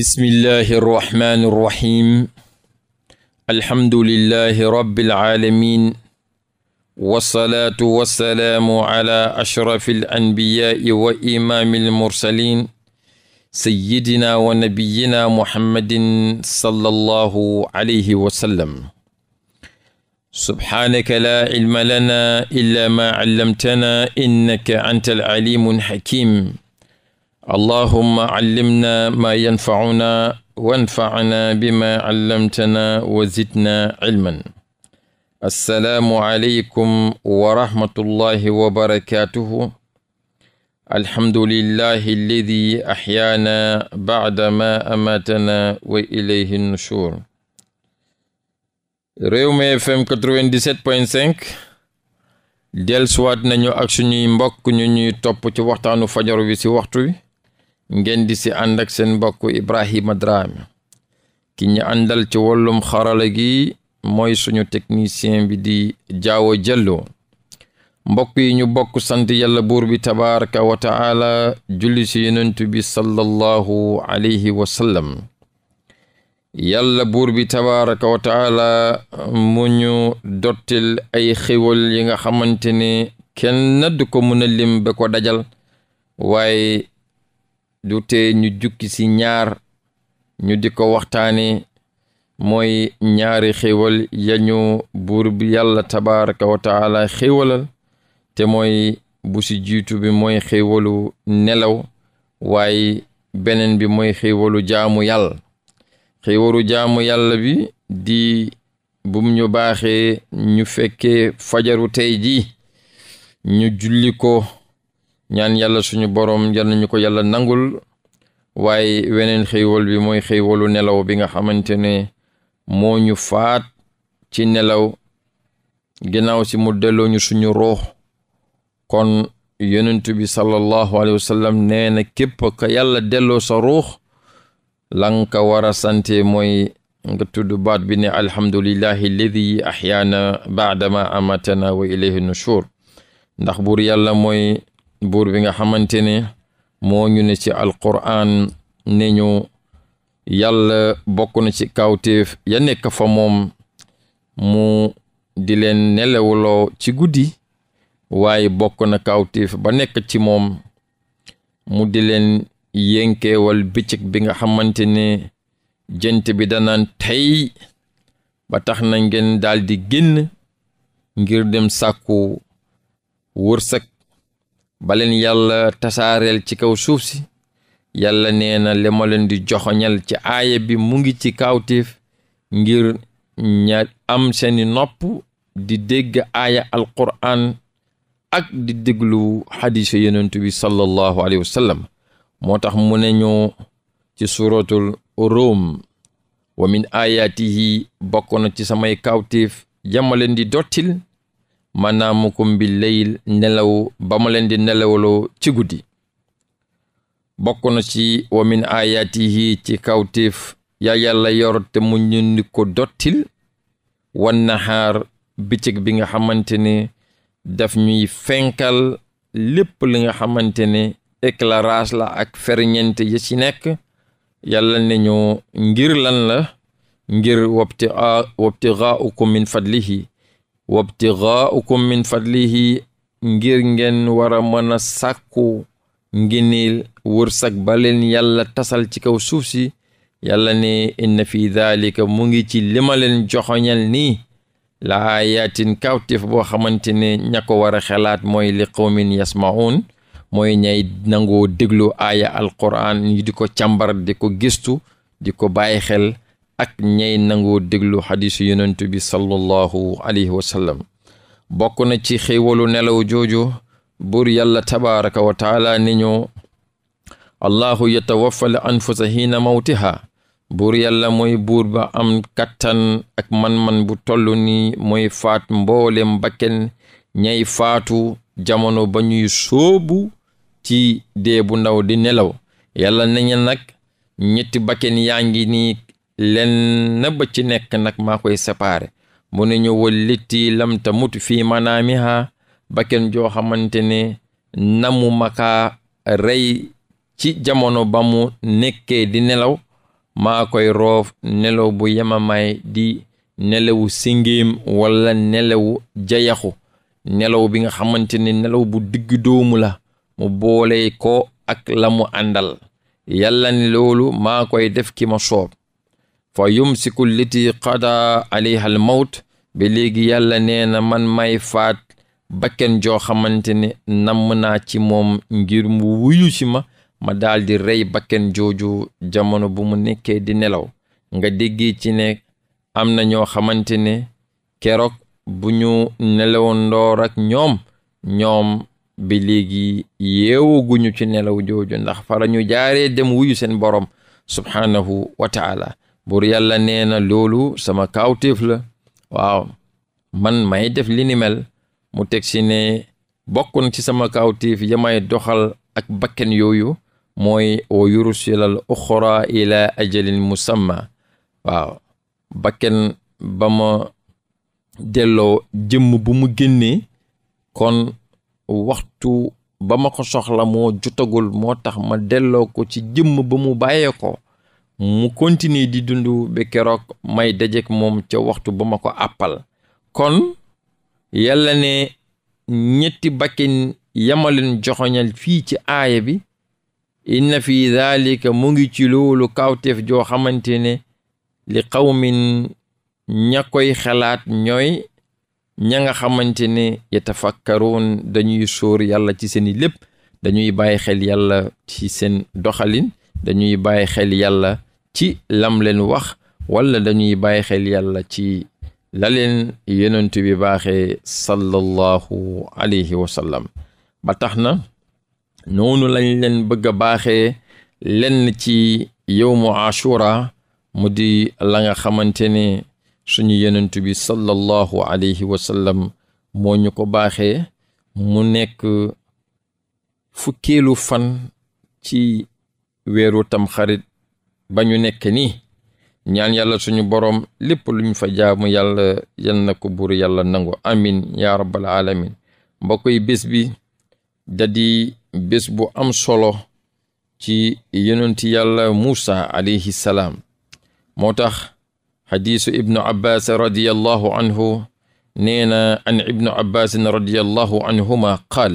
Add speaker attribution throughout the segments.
Speaker 1: bismillahi irrahmani irrahim alhamdulillahi rabbil alamin wasalaatu wasalaamu ala ashrafi al anbiyaai wa imaami almursalin sayidina wa nabiyina muhammadin sallallahu alayhi wa sallam subhaanaka laa ilma lana illa ma allamtana innaka anta al alimu al hakim allahumma callimna maa yanfacunaa wanfaanaa bimaa callamtanaa wa zidnaa cilman assalaamu aleykum wa rahmatullahi wa barakaatuhu alhamdulillahi alladi axyaanaa bacda maa amaatanaa wa ilayhi nushuur Rewmi FM 97.5 dellusiwaat nañu ak suñuy mbokk ñu ñuy topp ci waxtaanu fajar wi ci waxtu wi ngeen di si ànd sen mbokku mbokk Ibrahima Drame ki ñu àndal ci wàllum xarala gi mooy suñu technicien bi di jaawo jëllo mbokk yi ñu bokk sant yàlla buur bi tabaraka wa taala julli si yonent bi sallallahu alayhi wa sallam yàlla buur bi tabaraka wa taala mu ñu dottil ay xéwal yi nga xamante ne kenn du ko mën a lim ba ko dajal waaye du tee ñu jukki ci ñaar ñu di ko waxtaane mooy ñaari xéewal yañu buur bi yàlla tabaraka wa taala xéewalal te mooy bu ci jiitu bi mooy xéewalu nelaw waaye beneen bi mooy xéewalu jaamu yàlla xéewalu jaamu yàlla bi di bum ñu baaxe ñu fekkee fajaru tey ji ñu julli ko ñan yàlla suñu boroom yal nañu ko yàlla nangul waaye weneen xéewal bi mooy xéewalu nelaw bi nga xamante ne moo ñu faat ci nelaw ginnaaw si mu dellooñu suñu ruux kon yonent bi sallallahu alayhi wa sallam nee na képp ka yàlla delloo sa ruux la nga ko sante mooy nga tudd baat bi ne alhamdulillahi alladi ahyaana baadama amatana wa ilayhi nushur ndax buur yàlla mooy buur bi nga xamante ne moo ñu ne ci alquran ne ñu yàlla bokk na ci kawteef ya nekk fa moom mu di leen nelawloo ci guddi waaye bokk na kawteef ba nekk ci moom mu di leen yénkeewal bëccëg bi nga xamante ne jant bi danaan tey ba tax na ngeen daal di génn ngir dem sàkku wërsëg baleen yàlla tasaareel ci kaw suuf si yàlla nee na di joxoñal ci aaya bi mu ngi ci kawtéef ngir ña am seeni nopp di dégg aaya alquran ak di déglu xadiisu yonent bi sallallahu alayhi wa sallam moo tax mu ne ci suuratul Rum wa min ayatihi bokk na ci samay kawtéef yama di dottil manaamukum bi leyl nelaw ba mu leen di nelawaloo ci guddi bokk na ci wa min ayaatihi ci kawtéef yaa yàlla yor te mu ñu ko dottil wan naxaar bëccëg bi nga xamante ne daf ñuy fenkal lépp li nga xamante ne éclairage la ak ferñeent ya ci nekk yàlla ne ñu ngir lan la ngir wabti wabtigaa ukum min fadlihi wabtigaaukum min fadlihi ngir ngeen war a mën a sàkku ngeneel wërsag baleen yàlla tasal ci kaw suuf si yàlla ni inna fi daalika mu ngi ci limaleen joxoñal nii la yaatin kawtif boo xamante ne ña ko war a xelaat mooy li qawmin yasmaun mooy ñay nangoo déglu aaya alquran ñu di ko càmbar di ko gistu di ko bàyyi xel ak ñay nangoo déglu xadiisu yonent bi sallallahu alayhi wa sallam bokk na ci xéewalu nelaw jooju buur yàlla tabaraka wa taala ni ñu allahu yatawaffal anfusa hiina mawtiha buur yàlla mooy buur ba am kattan ak man-man bu toll ni mooy faat mboolem bakken ñay faatu jamono ba ñuy ci dee bu ndaw di nelaw yàlla nañu nag ñetti bakken yaa ngi lenn ba ci nekk nag maa koy séparé mu ne ñu walliti lam tamut fii manaamiha bakken joo xamante ne namu makaa rey ci jamono ba mu nekkee di nelaw maa koy roof nelaw bu yemamaay di nelawu singéem walla nelaw jayaxu nelaw bi nga xamante ne nelaw bu digg doomu la mu boole ko ak la mu àndal yàlla loolu maa koy def ki ma soob fa yumsiku liti qada alayha al mawt ba léegi yàlla nee na man may faat bakken joo xamante ne namm naa ci moom ngir mu wuyu si ma ma daldi rey bakken jooju jamono bu mu nekkee di nelaw nga déggee ci ne am na ñoo xamante ne keroog bu ñu nelaw ndoor ak ñoom ñoom bi léegi yeewaguñu ci nelaw jooju ndax fara ñu jaaree dem wuyu seen borom subhaanahu wa taala buur yàlla nee na loolu sama kawtéef la waaw man may def li mu teg si ne bokkoon ci sama kawtéef ya may doxal ak bakken yooyu mooy o yurusilal uxra ila ajalin musamma waaw bakken ba ma delloo jëmm bu mu génnee kon waxtu ba ma ko soxla moo jutagul moo tax ma delloo ko ci jëmm ba mu bàyyee ko mu continuer di dund ba keroog may dajeek moom ca waxtu ba ma ko àppal kon yàlla ne ñetti bakkin yamaleen joxoñal fii ci aaya bi inna fi daalika mu ngi ci loolu kawteef joo xamante ne li qawmin ña koy xalaat ñooy ña nga xamante ne yatafakkaroon dañuy sóor yàlla ci seeni lépp dañuy bàyyi xel yàlla ci seen doxalin dañuy bàyyi xel yàlla ci lam leen wax walla dañuy bàyyi xel yàlla ci la leen yonent baaxee sallallahu alayhi wa sallam ba tax na noonu lañ leen bëgg a baaxee lenn ci yowmu ashura mu di la nga xamante ne suñu yonent bi sallallahu alayhi wa mooñu ko baaxee mu nekk fukkeelu fan ci weeru tamxarit ba ñu nekk nii ñaan yàlla suñu boroom lépp lu ñu fa jaamu yàlla yal na ko buur yàlla nangu amin ya rabbal alamin mbokk yi bés bi da bés bu am solo ci yonenti yàlla Muusa alayhi salaam moo tax xadiisu ibnu abbas radiallahu anhu nee na an ibnu abbasin radiallahu anhuma qaal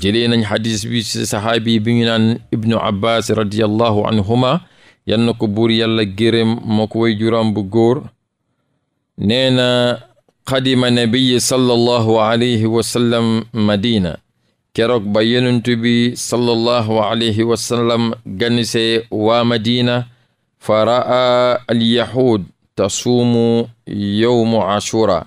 Speaker 1: jëlee nañ xadiis bi ci saxaabi bi ñu naan ibnu abbas radiallahu anhuma yal na ko buur yàlla gërëm moo ko way juram bu góor nee na xadima nabiyi sallallahu alayhi wa sallam keroog ba yenentu bi sallallahu alayhi wa sallam ganise waa madina fa ra'a alyahud tasuumu yowmu ashura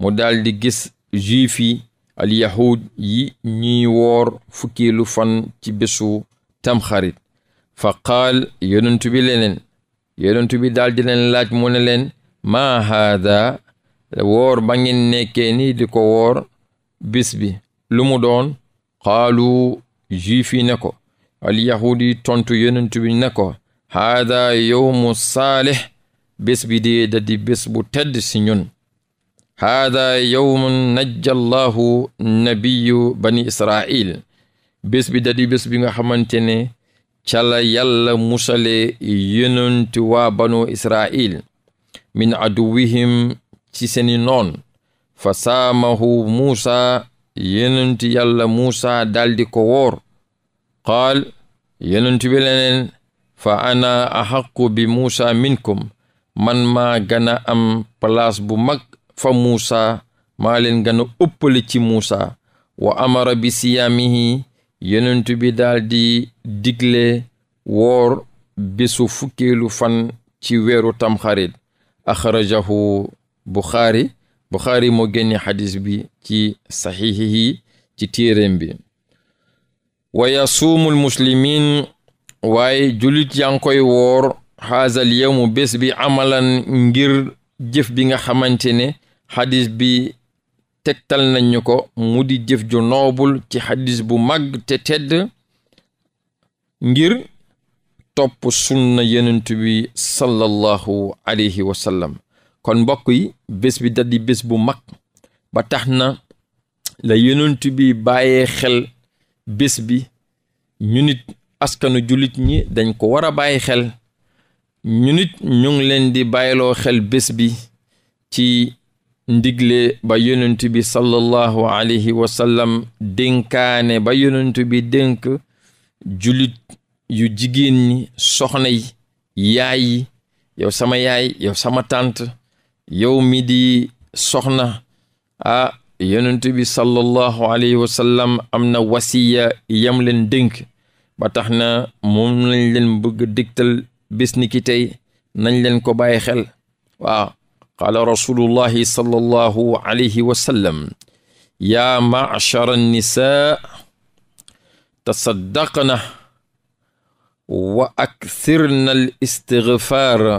Speaker 1: mu daldi gis juif yi alyahud yi ñuy woor fukkeelu fan ci bésu tamxarit fa qaal yonent bi leneen yonent bi daal di leen laaj mu ne leen maa haada woor ba ngeen ni di ko wor bis bi lu mu doon xaalu juif yi ne ko al yahudi tontu yonent bi ne ko haada yowmu saalih bés bi dee di bés bu tedd si ñun haada yowmun najja allahu nabiyu bani israil bés bi da bi nga xamante ne ca la yàlla musale yonenti waa banu israil min aduwihim ci seeni noon fa saamahu muusa yonenti yàlla muusa daldi ko woor qaal yonent bi leneen fa ana axaqu bi muusa minkom man maa gana am palaas bu mag fa muusa maa leen gana ëppale ci muusa wa amara bi yonent bi daldi digle woor bésu fukkeelu fan ci weeru tamxarit axrajahu buxaari buxaari moo génne xadis bi ci saxiixihi ci téeréem bi wa yasuumul muslimin waaye jullit yaa ngi koy woor xaazal yowmu bés bi amalan ngir jëf bi nga xamante ne xadis bi tegtal nañ ñu ko mu di jëf ju ci xadis bu mag te tedd ngir topp sunna yenent bi sallallahu alayhi wa sallam kon mbokk yi bés bi daldi bés bu mag ba tax na la yenent bi bàyyee xel bés bi ñu askanu jullit ñi dañ ko war a bàyyi xel ñu nit ñu ngi leen di bàyyiloo xel bés bi ci ndigle ba yonent bi sallallahu alayhi wa sallam dénkaane ba yonent bi dénk julit yu jigéen ñi soxna yi yaay yi yow sama yaay yow sama tante yow mi di soxna ah yonent bi sallallahu alayhi wa sallam am na wasiya yam leen dénk ba tax na moom lañ leen bëgg digtal bis ni tey nañ leen ko bàyyi xel waaw qaala rasulullahi sallallahu alayhi wa sallam yaa ma'shara nisaa tasaddaqna wa akthirna al istigfaara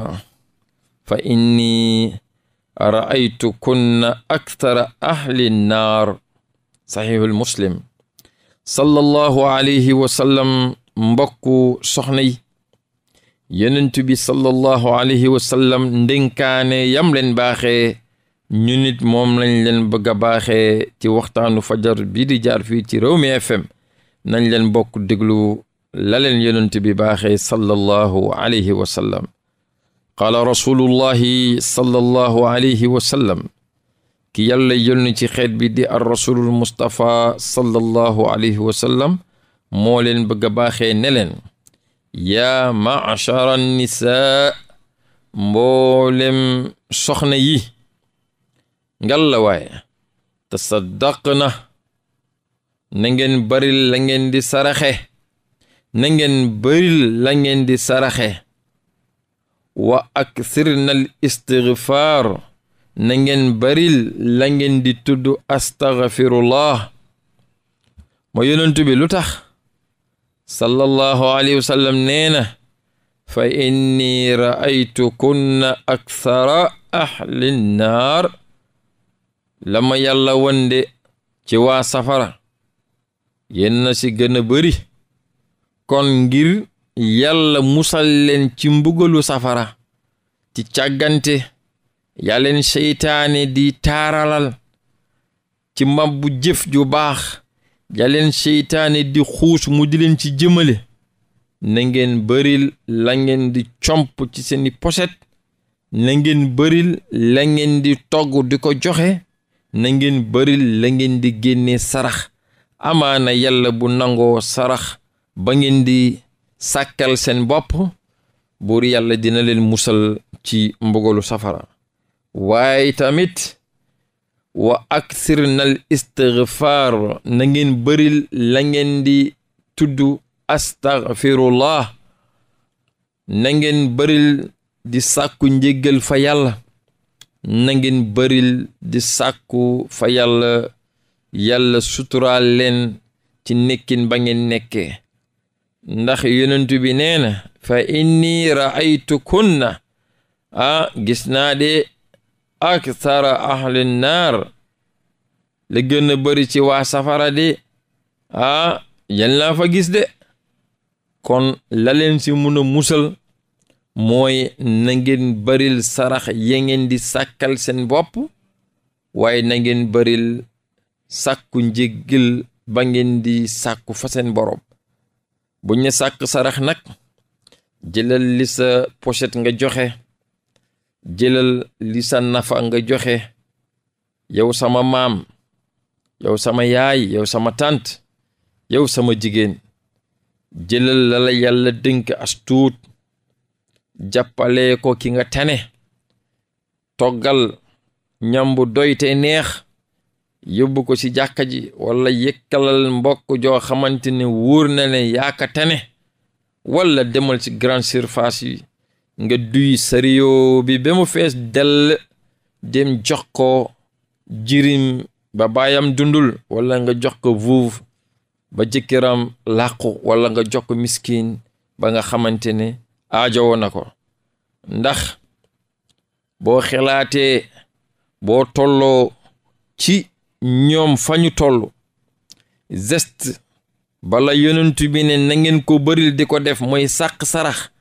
Speaker 1: fa inni raaytu kunna akthara ahli nnaar saxiihul muslim sallallahu alayhi wa sallam mbokku soxna yi yenent bi sallallahu alayhi wa sallam ndénkaane yam leen baaxee ñu nit moom lañ leen bëgg a baaxee ci waxtaanu fajar bii di jaar fii ci Rewmi FM nañ leen bokk déglu la leen yenent bi baaxee sallallahu alayhi wa sallam qaala rasulullahi sallallahu alayhi wa sallam ki yàlla yónni ci xeet bi di ar rasulul mustapha sallallahu alayhi wa sallam moo leen bëgg a baaxee ne leen yaa machara nisaa mboolem soxna yi ngal la waaye tasaddaq na na ngeen baril la saraxe na ngeen baril la di saraxe wa aksirna al istigfaar na ngeen baril la ngeen di tudd astaghfirullah ma yonentu bi lu sallallahu alayhi wa sallam fa inni raaytu kunna akthara ahli nnaar la ma yàlla wonde ci waa safara yéen na si gëna a bëri kon ngir yàlla musal leen ci mbugalu safara ci càggante yàlleen seytaane di taaralal ci mabbu jëf ju baax jaleen seytaane di xuus mu di leen ci jëmale na ngeen bëril di comp ci seeni poset na ngeen bëril ngeen di togg di ko joxe na ngeen bëril la ngeen di génne sarax amaana yàlla bu nangoo sarax ba ngeen di sàkkal seen bopp buur yàlla dina leen musal ci mbugalu safara waaye tamit wa aksir nal istighfar na ngeen bëril la ngeen di tudd astaghfirullah na ngeen bëril di sàkku njéggal fa yàlla na ngeen bëril di sàkku fa yàlla yàlla suturaal ci nekkin ba ngeen nekkee ndax yonent bi neena fa inni raaytu kunna ah aksara ahlin naar la gën bari ci waa safara de ah yal laa fa gis de kon la leen si mun a musal mooy na ngeen baril sarax ya ngeen di sàkkal seen bopp waaye na ngeen baril sàkku njéggal ba ngeen di sàkku fa seen borom bu ñu sàkk sarax nag jëlal li sa pochette nga joxe jëlal li nafa nga joxe yow sama maam yow sama yaay yow sama tànt yow sama jigéen jëlal la la yàlla dënk as tuut jàppale ko ki nga tane toggal ñam bu doy neex yóbbu ko ci jàkka ji walla yëkkalal mbokk joo xamante ne wóor na ne yaaka tane walla demal ci grande surface yi nga duy sariyo bi ba mu fees dell dem jox ko jirim ba baayam dundul walla nga jox ko veuve ba jëkkëram làqu walla nga jox ko miskin ba nga xamante ne aajowoo na ko ndax boo xelaatee boo tolloo ci ñoom fañu toll geste bala yonent bi ne na ngeen ko bëril di ko def mooy sàq sarax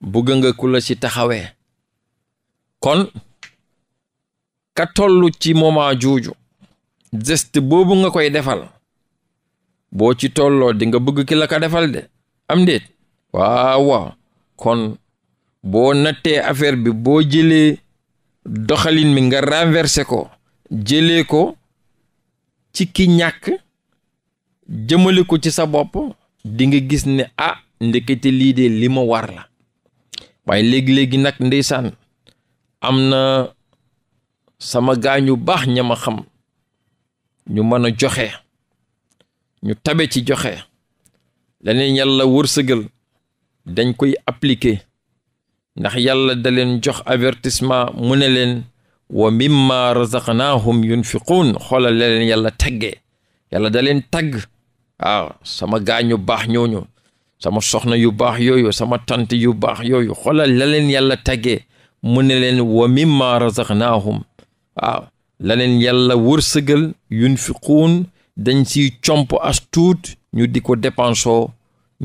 Speaker 1: bëgg nga ku la ci taxawee kon ka tollu ci moment juuju geste boobu nga koy defal boo ci tolloo di nga bëgg ki la ka defal de am déet waaw kon boo nattee affaire bi boo jëlee doxalin mi nga renversé ko jëlee ko ci ki ñàkk jëmale ko ci sa bopp di nga gis ne a ah, ndekete lii de war la waaye léegi-léegi nag ndeysaan am na sama gaañu baax ña xam ñu mën a joxe ñu tabe ci joxe leneen yàlla wërsëgal dañ koy appliquer ndax yàlla da leen jox avertissement mu ne leen wa mimma razaqnaahum yunfiquun xoolal la leen yàlla tagge yàlla da leen tagg waaw sama gaañu baax ñooñu sama soxna yu baax yooyu sama tant yu baax yooyu xoolal la leen yàlla tàggee mu ne leen wa mimma razaqnaahum waaw la leen yàlla fi yunfiquun dañ si comp as tuut ñu di ko dépensoo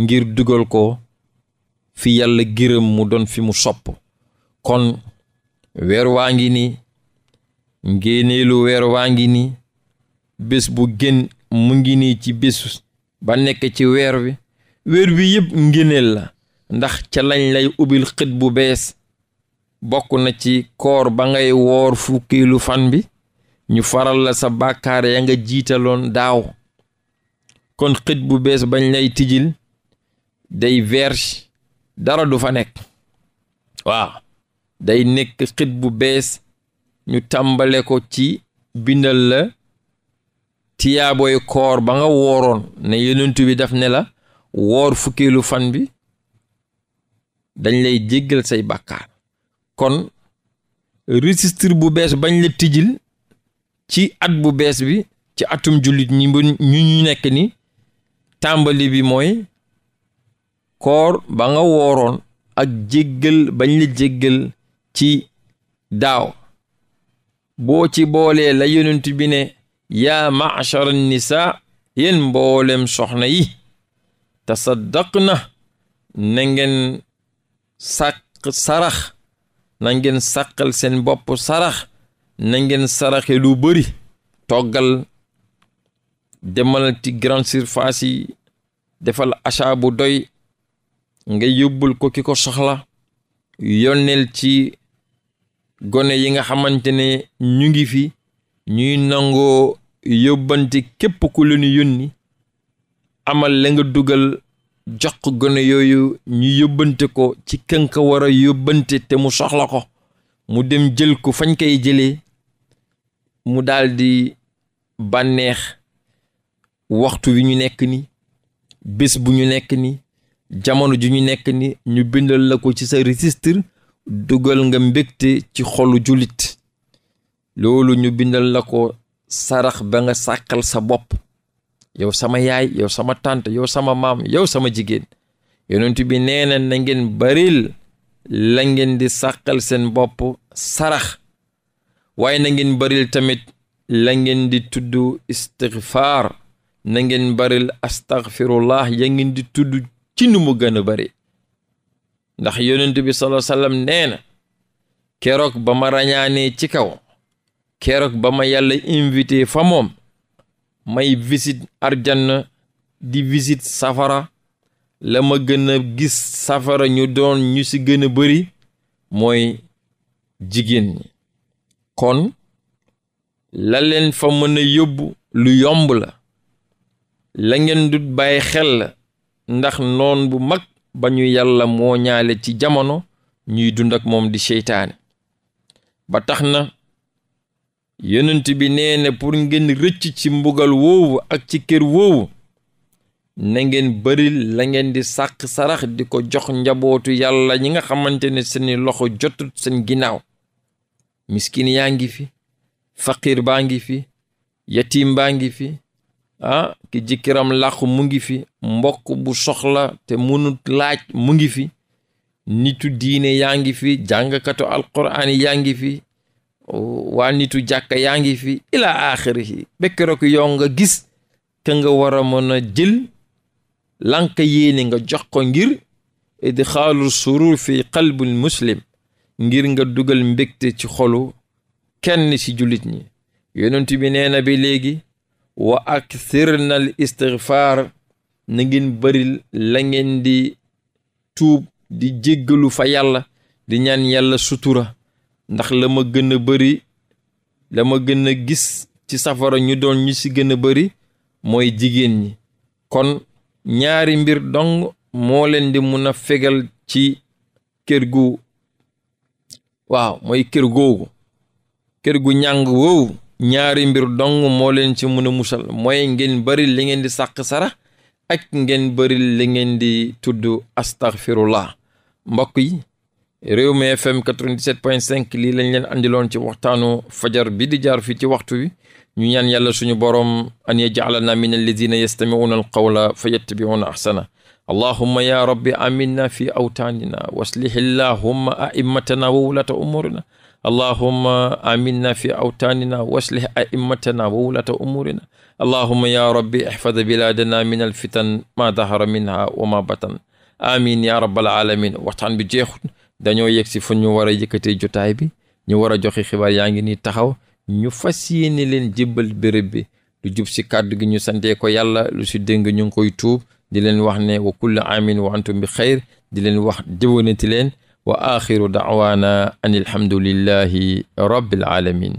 Speaker 1: ngir dugal ko fi yàlla gërëm mu doon fi mu sopp kon weer waa ngi ni ngéeneelu weer waa ngi ni bés bu gën mu ngi nii ci bés ba nekk ci weer wi weer wi yëpp ngëneel la ndax ca lañ lay ubbil xët bu bees bokk na ci koor ba ngay woor fukkiilu fan bi ñu faral la sa bàkkaar ya nga jiitaloon daaw kon xët bu bees bañ lay tijil day vierge dara du fa nekk waaw day nekk xët bu bees ñu tàmbale ko ci bindal la tiyaaboy koor ba nga wooroon ne yonent bi daf ne la woor fukkeelu fan bi dañ lay jéggal say bàkkaar kon registre bu bees bañ la tijil ci at bu bees bi ci atum jullit ñi nekk ni tàmbali bi mooy koor ba nga wooroon ak jéggal bañ la jéggal ci daaw boo ci boolee la yonent bi ne yaa ma'shara nisa yen mboolem soxna yi tasaddaqna na ngeen sàq sarax na ngeen sàqal seen bopp sarax na ngeen saraxe lu bari toggal demal ci grande surface yi defal achat bu doy nga yóbbul ko ki ko soxla yónneel ci gone yi nga xamante ne ñu ngi fi ñuy nangoo yóbbante képp ku leen yónni amal la nga dugal jox gone yooyu ñu yóbbante ko ci kën ka war a yóbbante te mu soxla ko mu dem jël ko fañ koy jëlee mu daldi bànneex waxtu wi ñu nekk ni bés bu ñu nekk ni jamono ju ñu nekk ni ñu bindal la ko ci sa registre dugal nga mbégte ci xolu jullit loolu ñu bindal la ko sarax ba nga sàkkal sa bopp yow sama yaay yow sama tante yow sama maam yow sama jigéen yonent bi nee na na ngeen baril la ngeen di sàqal seen bopp sarax waaye na ngeen baril tamit la ngeen di tudd istigfaar na ngeen baril astagfirullah ya ngeen di tudd ci nu mu gën a bari ndax yonent bi sallallahu alayhi nee na keroog ba ma rañaanee ci kaw keroog ba ma yàlla fa moom may visite arjanna di visite safara la ma gën a gis safara ñu doon ñu ci gën a bari mooy jigéen ñi kon la leen fa mën a yóbbu lu yomb la la ngeen du bàyyi xel ndax noon bu mag ba ñu yàlla moo ñaale ci jamono ñuy dund ak moom di seytaane ba tax na yonent bi nee na pour ngeen rëcc ci mbugal woowu ak ci kër woowu na ngeen bari la ngeen di sàq sarax di ko jox njabootu yàlla ñi nga xamante ne seeni loxo jotut seen ginnaaw miskin yaa ngi fi faqir baa ngi fi yatim baa ngi fi ah ki jikkiram làqu mu ngi fi mbokk bu soxla te munut laaj mu ngi fi nitu diine yaa ngi fi jàngkatu alquraan yaa ngi fi waa nitu jàkka yaa ngi fi ilaa axirihi bekkeroog yow nga gis ka nga war a mën a jël lanka yéene nga jox ko ngir idxaalul surur fi qalbul muslim ngir nga dugal mbégte ci xolu kenn ci julit ñi yonent bi nee na bi léegi wa akthirna al istighfar na ngeen bari la di tuub di jéggalu fa yàlla di ñaan yàlla sutura ndax la ma gën a bari la ma gën a gis ci safara ñu doon ñu ci gën a bari mooy jigéen ñi kon ñaari mbir dong moo leen di mën a fegal ci kër gu waaw mooy kër googu kër gu ñàng woowu ñaari mbir dong moo leen ci mën a musal mooy ngeen bari li ngeen di sàq sara ak ngeen bari li ngeen di tudd astaghfirullah mbokk yi Rewmi FM 97.5 lii lañ leen andiloon ci waxtaanu fajar bi di jaar fii ci waxtu wi ñu ñaan yàlla suñu borom an yaj'alana min alladina yastami'una alqawla fayattabi'una ahsana allahumma ya rabbi aminna fi awtaanina waslih allahumma a'immatana wa wulata umurina allahumma aminna fi awtaanina waslih a'immatana wa wulata umurina allahumma ya rabbi ihfad biladana min alfitan ma dahara minha wa ma batan amin ya rabbal alamin waxtaan bi jeexut dañoo yegg si fu ñu war a yëkkatee jotaay bi ñu war a joxe xibaar yaa ngi nii taxaw ñu fas yéene leen jébbal béréb bi lu jub si kàddu gi ñu santee ko yàlla lu si dëng ñu ngi koy tuub di leen wax ne wa kullu amin wa antum bi xayr di leen wax déwénati leen wa axiru daawaana an alhamdulillahi rabbil alamin